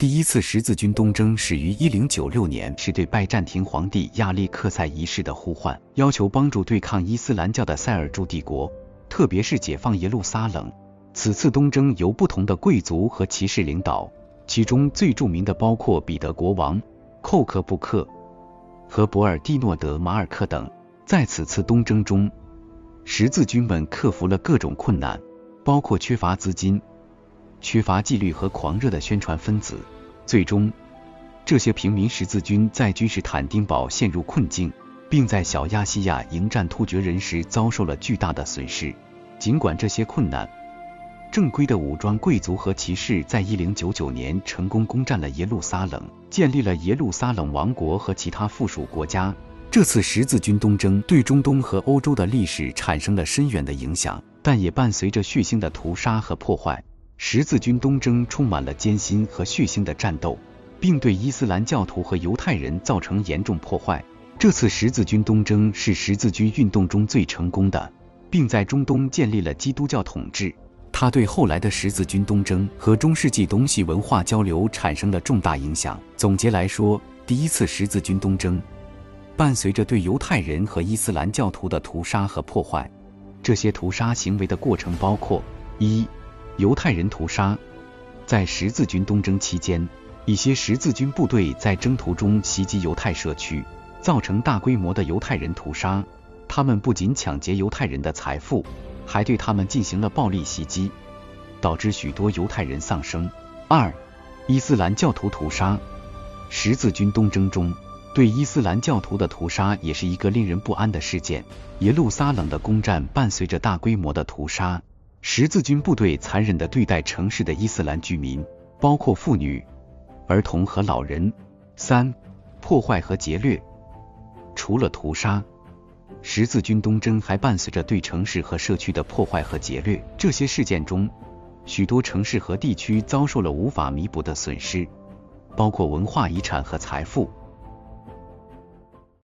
第一次十字軍東征始於1096年，是對拜占庭皇帝亞歷克塞一世的呼喚，要求幫助對抗伊斯蘭教的塞爾柱帝國，特別是解放耶路撒冷。此次東征由不同的貴族和騎士領導，其中最著名的包括彼得國王、寇克布克和博爾蒂諾德馬爾克等。在此次東征中，十字軍們克服了各種困難，包括缺乏資金。缺乏紀律和狂熱的宣傳分子，最終，這些平民十字軍在君士坦丁堡陷入困境，並在小亞細亞迎戰突厥人時遭受了巨大的損失。儘管這些困難，正規的武裝貴族和騎士在1099年成功攻占了耶路撒冷，建立了耶路撒冷王國和其他附屬國家。這次十字軍東征對中東和歐洲的歷史產生了深遠的影響，但也伴隨着血腥的屠殺和破壞。十字軍東征充滿了艱辛和血腥的戰鬥，並對伊斯蘭教徒和猶太人造成嚴重破壞。這次十字軍東征是十字軍運動中最成功的，並在中東建立了基督教統治。它對後來的十字軍東征和中世紀東西文化交流產生了重大影響。總結來說，第一次十字軍東征伴隨着對猶太人和伊斯蘭教徒的屠殺和破壞。這些屠殺行為的過程包括一、猶太人屠殺，在十字軍東征期間，一些十字軍部隊在征途中襲擊猶太社區，造成大規模的猶太人屠殺。他們不僅搶劫猶太人的財富，還對他們進行了暴力襲擊，導致許多猶太人喪生。二、伊斯蘭教徒屠殺。十字軍東征中，對伊斯蘭教徒的屠殺也是一個令人不安的事件。耶路撒冷的攻占伴隨着大規模的屠殺。十字軍部隊殘忍地對待城市的伊斯蘭居民，包括婦女、兒童和老人。三、破壞和劫掠。除了屠殺，十字軍東征還伴隨着對城市和社區的破壞和劫掠。這些事件中，許多城市和地區遭受了無法彌補的損失，包括文化遺產和財富。